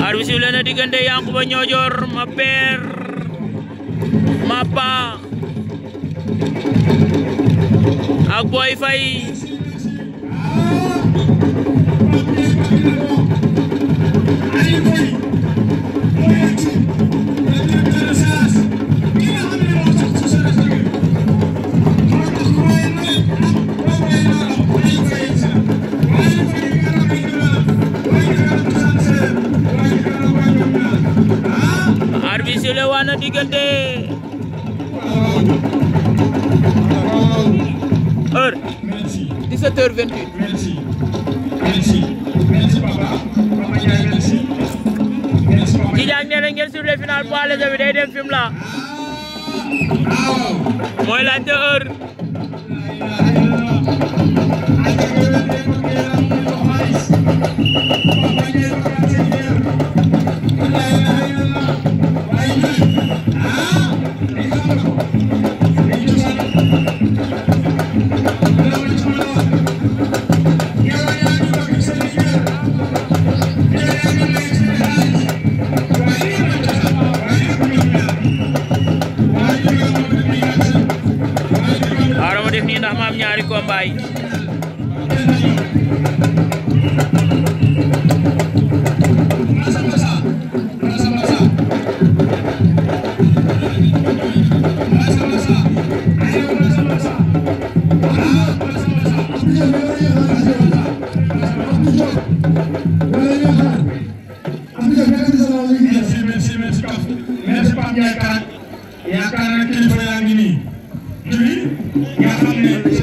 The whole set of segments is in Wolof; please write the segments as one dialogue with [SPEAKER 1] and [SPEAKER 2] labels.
[SPEAKER 1] arbitre sifflé na diggante Yankuba Niodior ma père ma pa ak Boy Faye diggante heure 17 heures 28. merci merci dem film la mooy laajte heure. Thank tax ma am ñaari combat yi Thank you.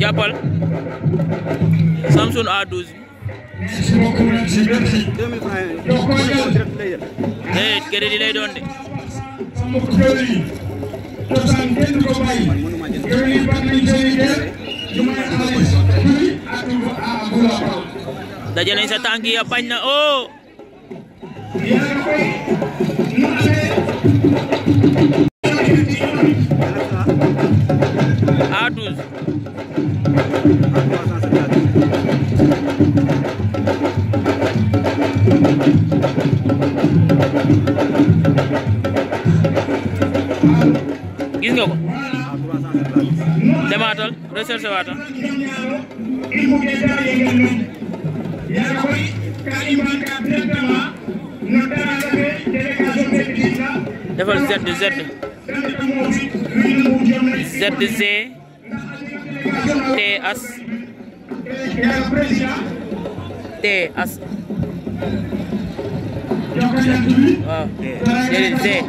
[SPEAKER 1] jàppal Samsung A12. déedéet eh, crédit lay doon de. dajale sa tànk ya bañ na oh. gis nga ko demaatal recherche waatal defal ZZ ZZ TS TS waaw déedéet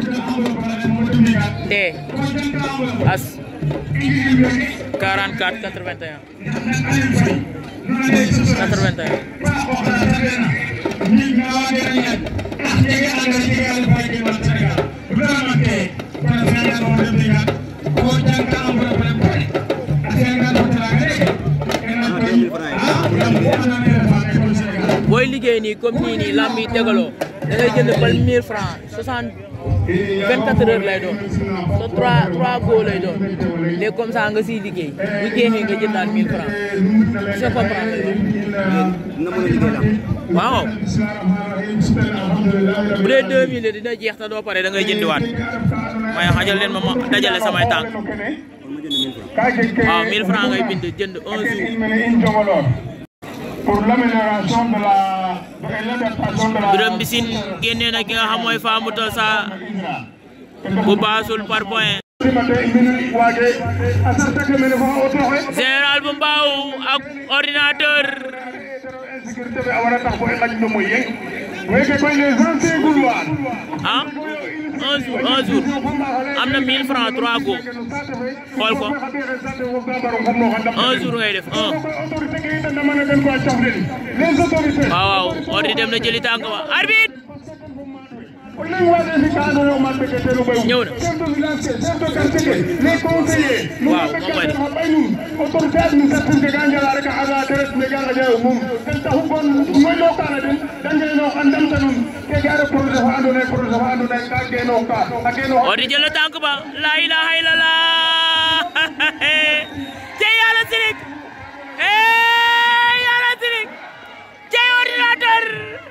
[SPEAKER 1] Z TS 44 81 81 nii comme nii nii lamb yi tegaloo da ngay jënd bal 1000 francs 60 24 heures lay doon so 3 3 doon léegi comme ça nga siy liggéey bu nga jëndaat 1000 francs je comprends a jeex te doo pare da ngay jëndiwaat may xajal ma ma dajale samay tànk waaw 1000 francs ngay bind jënd un Birame Mbissine génne na ki nga xam mooy Fambou baasul par point général bu mbaaw ak un jour un jour am na 1000 francs 3 go xool ko un jour ngay def un. waaw waaw ordi dem na jëli tànk wa arbitre. les waɗani ka andano maɓɓe ke teno ɓayu chef de village ke chef de quartier ke les conseillers noɓeɓe ha ɓaynum autorité administrative ke ga jalare ka haga teres ne gaga jayo mum ten taxu gon moƴo kana den da ngeno a ndamta num ke gara projet fa ando naye projet fa ando naye ka geno ka a geno odi jelo tank ba la ilaha illallah je yalla sirik e yalla sirik je ordinateur